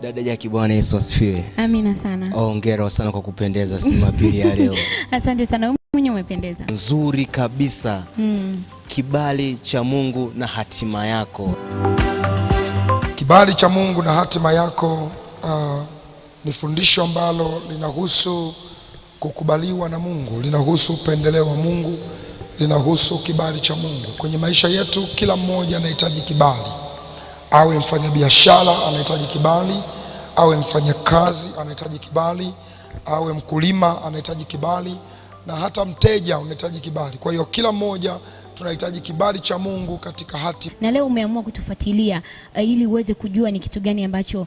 Dada Jackie, Bwana Yesu asifiwe. Amina sana. Hongera sana kwa kupendeza Jumapili ya leo. Asante sana, mwenye umependeza nzuri kabisa mm. Kibali cha Mungu na hatima yako, kibali cha Mungu na hatima yako uh, ni fundisho ambalo linahusu kukubaliwa na Mungu, linahusu upendeleo wa Mungu, linahusu kibali cha Mungu kwenye maisha yetu. Kila mmoja anahitaji kibali, awe mfanyabiashara anahitaji kibali awe mfanyakazi anahitaji kibali, awe mkulima anahitaji kibali, na hata mteja unahitaji kibali. Kwa hiyo kila mmoja tunahitaji kibali cha Mungu katika hati. Na leo umeamua kutufuatilia uh, ili uweze kujua ni kitu gani ambacho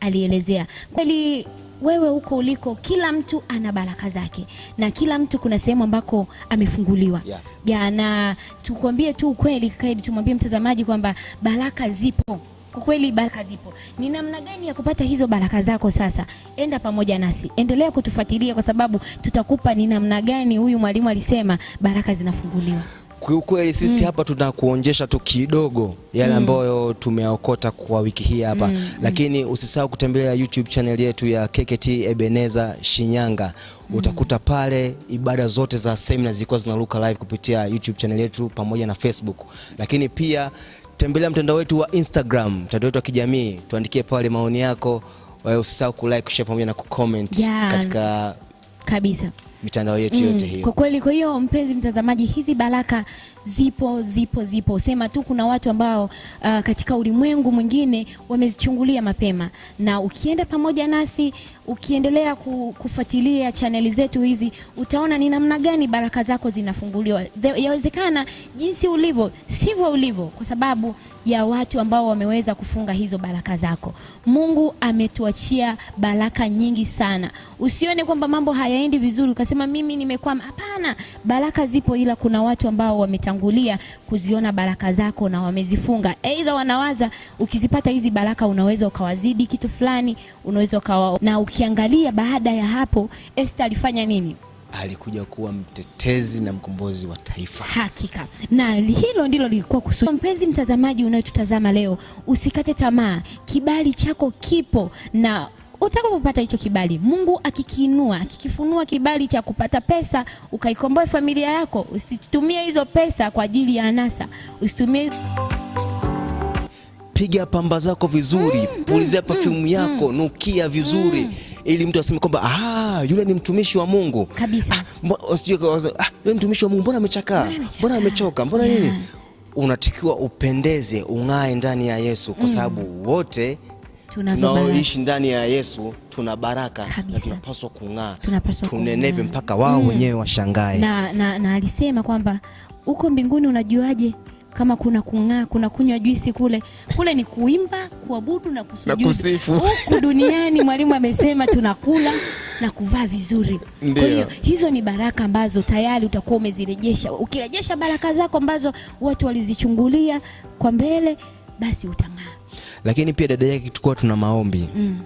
alielezea. Kweli wewe huko uliko, kila mtu ana baraka zake na kila mtu kuna sehemu ambako amefunguliwa yeah. Yeah, na tukwambie tu ukweli, Kaidi, tumwambie mtazamaji kwamba baraka zipo kwa kweli baraka zipo. Ni namna gani ya kupata hizo baraka zako? Sasa enda pamoja nasi, endelea kutufuatilia kwa sababu tutakupa ni namna gani huyu mwalimu alisema baraka zinafunguliwa. Kiukweli sisi mm. hapa tunakuonjesha tu kidogo yale mm. ambayo mm. tumeaokota kwa wiki hii hapa mm. lakini usisahau kutembelea YouTube channel yetu ya KKT Ebeneza Shinyanga mm. utakuta pale ibada zote za semina zilikuwa zinaruka live kupitia YouTube channel yetu pamoja na Facebook, lakini pia tembelea mtandao wetu wa Instagram, mtandao wetu wa kijamii, tuandikie pale maoni yako. Usisahau kulike, kushare pamoja na kucomment yeah, katika kabisa mitandao yetu yote mm, hiyo. Kwa kweli, kwa hiyo mpenzi mtazamaji, hizi baraka zipo zipo zipo, sema tu kuna watu ambao uh, katika ulimwengu mwingine wamezichungulia mapema, na ukienda pamoja nasi ukiendelea kufuatilia chaneli zetu hizi utaona ni namna gani baraka zako zinafunguliwa. Yawezekana jinsi ulivyo sivyo ulivyo, kwa sababu ya watu ambao wameweza kufunga hizo baraka zako. Mungu ametuachia baraka nyingi sana, usione kwamba mambo hayaendi vizuri ukasema mimi nimekwama. Hapana, baraka zipo, ila kuna watu ambao wametangulia kuziona baraka zako na wamezifunga. Aidha wanawaza ukizipata hizi baraka unaweza ukawazidi kitu fulani, unaweza ukawa. Na ukiangalia baada ya hapo, Esther alifanya nini? alikuja kuwa mtetezi na mkombozi wa taifa. Hakika, na hilo ndilo lilikuwa kusudi. Mpenzi mtazamaji unayetutazama leo, usikate tamaa, kibali chako kipo na utakapopata hicho kibali, Mungu akikiinua, akikifunua kibali cha kupata pesa, ukaikomboe familia yako, usitumie hizo pesa kwa ajili ya anasa, usitumie piga pamba zako vizuri, mm, mm pulizia mm, perfume mm, yako, nukia vizuri mm, ili mtu aseme kwamba ah, yule ni mtumishi wa Mungu kabisa. Ah, ah yule mtumishi wa Mungu mbona amechakaa, mbona amechoka, mbona nini? Yeah. Unatakiwa upendeze, ung'ae ndani ya Yesu kwa mm. sababu mm, wote tunaoishi ndani ya Yesu tuna baraka kabisa. Na tunapaswa kung'aa, tunapaswa tunenepe mpaka wao mm. wenyewe mm. washangae na, na, na alisema kwamba uko mbinguni unajuaje kama kuna kung'aa, kuna kunywa juisi kule kule, ni kuimba, kuabudu na kusujudu. Huku duniani mwalimu amesema tunakula na kuvaa vizuri. Kwa hiyo hizo ni baraka ambazo tayari utakuwa umezirejesha. Ukirejesha baraka zako ambazo watu walizichungulia kwa mbele, basi utang'aa lakini pia dada yake tulikuwa tuna maombi mm.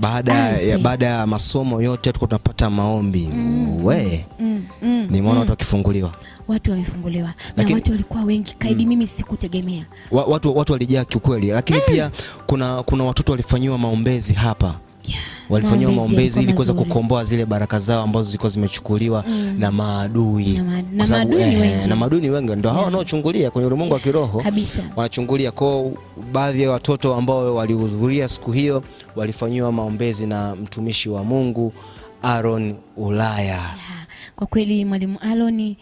Baada ah, ya, baada ya masomo yote tulikuwa tunapata maombi mm, we mm, mm, nimeona mm. Watu wakifunguliwa, watu wamefunguliwa na watu walikuwa wengi kaidi mm. Mimi sikutegemea wa, watu, watu walijaa kiukweli, lakini mm. pia kuna, kuna watoto walifanyiwa maombezi hapa yeah walifanyiwa maombezi ili kuweza kukomboa zile baraka zao ambazo zilikuwa zimechukuliwa mm. na maadui na eh, maadui wengi ndio hao wanaochungulia kwenye ulimwengu wa kiroho wanachungulia kwao. Baadhi ya watoto ambao walihudhuria siku hiyo walifanyiwa maombezi na mtumishi wa Mungu Aaron Ulaya. Kwa kweli Mwalimu Aaron, uh,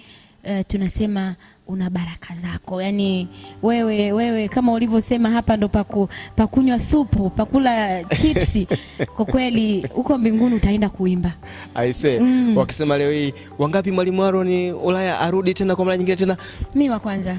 tunasema una baraka zako. Yaani wewe wewe, kama ulivyosema hapa, ndo paku pakunywa supu, pakula chipsi kwa kweli, huko mbinguni utaenda kuimba aise. Mm. Wakisema leo hii wangapi, mwalimu Aaron Ulaya arudi tena kwa mara nyingine tena, mi wa kwanza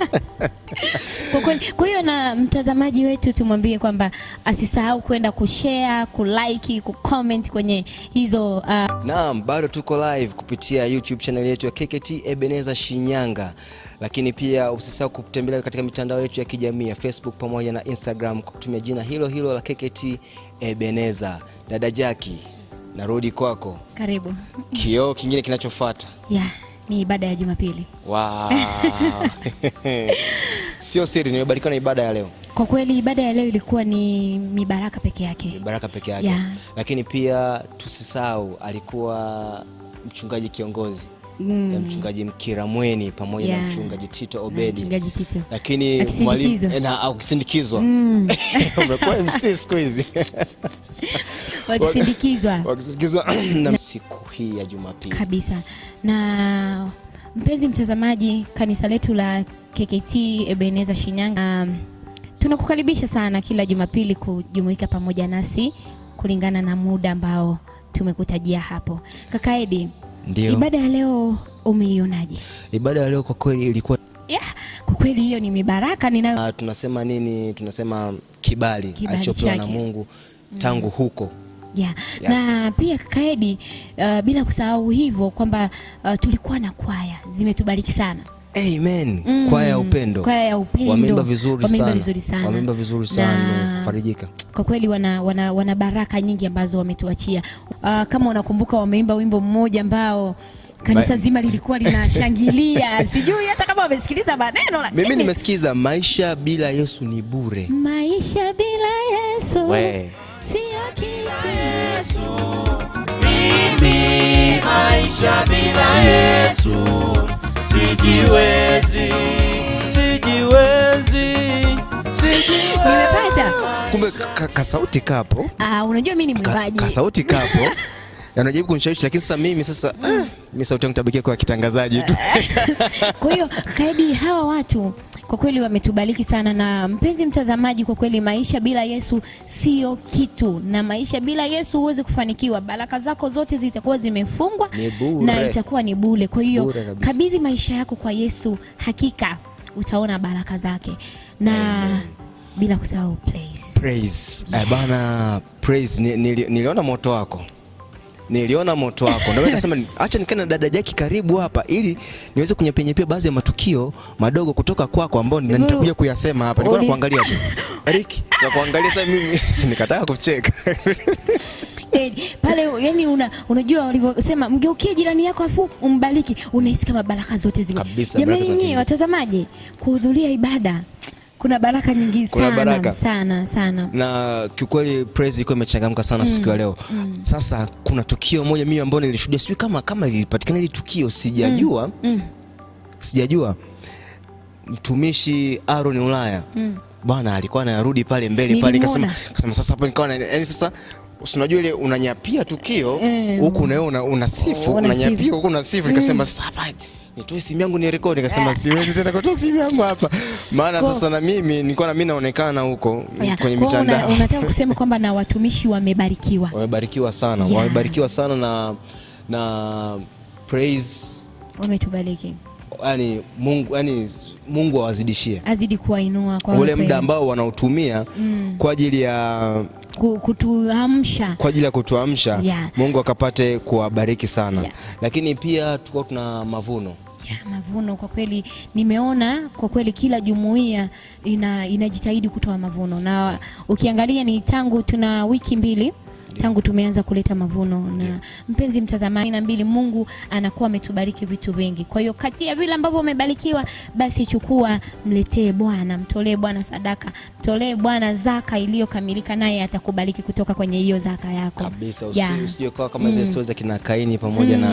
kwa kweli. Kwa hiyo na mtazamaji wetu tumwambie kwamba asisahau kwenda kushare, kulike, kucomment kwenye hizo uh... Naam, bado tuko live kupitia YouTube channel yetu ya KKT Ebeneza Shinyanga. Shinyanga. Lakini pia usisahau kutembelea katika mitandao yetu ya kijamii ya Facebook pamoja na Instagram kwa kutumia jina hilo hilo la KKT Ebeneza. Dada Jaki, narudi kwako. Karibu. Kioo kingine kinachofuata yeah, ni ibada ya Jumapili. Wow. Sio siri, nimebarikiwa na ibada ya leo. Kwa kweli ibada ya leo ilikuwa ni mibaraka peke yake, mibaraka peke yake yeah. Lakini pia tusisahau alikuwa mchungaji kiongozi mm. ya mchungaji Mkira Mweni pamoja yeah. na mchungaji Tito Obedi na mchungaji Lakini wakisindikizwa mm. umekuwa MC siku hizi wakisindikizwa na siku hii ya Jumapili kabisa. Na mpenzi mtazamaji, kanisa letu la KKT Ebeneza Shinyanga, um, tunakukaribisha sana kila Jumapili kujumuika pamoja nasi kulingana na muda ambao tumekutajia hapo. Kaka Ndiyo. Ibada ya leo umeionaje? Ibada ya leo kwa kweli ilikuwa yeah, kwa kweli hiyo ni mibaraka ninayo. Ah, tunasema nini? Tunasema kibali, kibali alichopewa na Mungu mm. tangu mm. huko Yeah. Yeah. Na pia kaka Edi, uh, bila kusahau hivyo kwamba uh, tulikuwa na kwaya zimetubariki sana. Amen. Mm. Kwa ya upendo, Kwa ya upendo wameimba vizuri, vizuri sana, wameimba vizuri sana farijika kwa kweli, wana, wana, wana baraka nyingi ambazo wametuachia. Uh, kama unakumbuka wameimba wimbo mmoja ambao kanisa Ma... zima lilikuwa linashangilia sijui hata kama wamesikiliza maneno lakini mimi nimesikiza maisha bila Yesu ni bure, maisha bila Yesu We. sio kitu. Yesu mimi maisha bila Yesu sijiwezi, sijiwezi, sijiwezi. Nimepata. Kumbe kasauti kapo. Ah, unajua mimi ni mwimbaji. Kasauti kapo. anajaribu kunishawishi, lakini sasa mimi sasa ah, mimi sauti yangu tabikia kwa kitangazaji tu. Kwa hiyo Kaidi, hawa watu kwa kweli wametubariki sana. Na mpenzi mtazamaji, kwa kweli maisha bila Yesu sio kitu, na maisha bila Yesu huwezi kufanikiwa. Baraka zako zote zitakuwa zimefungwa na itakuwa ni bure. Kwa hiyo kabidhi maisha yako kwa Yesu, hakika utaona baraka zake na Amen. Bila kusahau praise. Praise. Yeah. Bana praise, niliona moto wako niliona moto wako, ndio nikasema acha nikae na dada Jackie karibu hapa, ili niweze pia baadhi ya matukio madogo kutoka kwako ambao nitakuja kuyasema hapa. Nilikuwa nakuangalia tu Eric, na kuangalia sasa mimi nikataka kucheka pale, yani una, unajua walivyosema mgeukie jirani yako afu umbariki, unahisi kama baraka zote zime. Jamani nyinyi watazamaji kuhudhuria ibada kuna baraka nyingi kuna sana, baraka. Sana, sana. Na kiukweli praise iko imechangamka sana mm, siku ya mm, leo mm. Sasa kuna tukio moja mimi ambao nilishuhudia, sijui kama kama lilipatikana hili tukio sijajua mm, mm. Sijajua mtumishi Aaron Ulaya mm. Bwana alikuwa anarudi pale mbele pale, kasema kasema sasa hapo nikaona yani sasa unajua ile unanyapia tukio eh. huku mm. na wewe unasifu unanyapia huku unasifu nikasema mm. sasa hapa nitoe simu yangu ni rekodi, nikasema eh. siwezi tena kutoa simu yangu hapa, maana sasa na mimi nilikuwa na mimi naonekana huko kwenye mitandao. Una, unataka kusema kwamba na watumishi wamebarikiwa, wamebarikiwa sana yeah. wamebarikiwa sana na na praise, wametubariki yani Mungu, yani Mungu awazidishie, azidi kuwainua kwa ule muda ambao wanaotumia mm. kwa ajili ya kutuamsha kwa ajili ya kutuamsha yeah. Mungu akapate kuwabariki sana yeah. Lakini pia tuko tuna mavuno ya mavuno kwa kweli nimeona kwa kweli kila jumuiya ina, inajitahidi kutoa mavuno na ukiangalia ni tangu tuna wiki mbili tangu tumeanza kuleta mavuno na Mpenzi mtazamaji, na mbili, Mungu anakuwa ametubariki vitu vingi. Kwa hiyo kati ya vile ambavyo umebarikiwa, basi chukua, mletee Bwana, mtolee Bwana sadaka, mtolee Bwana zaka iliyokamilika, naye atakubariki kutoka kwenye hiyo zaka yako kabisa. Usijue yeah. kama mm. zile za kina Kaini pamoja mm. na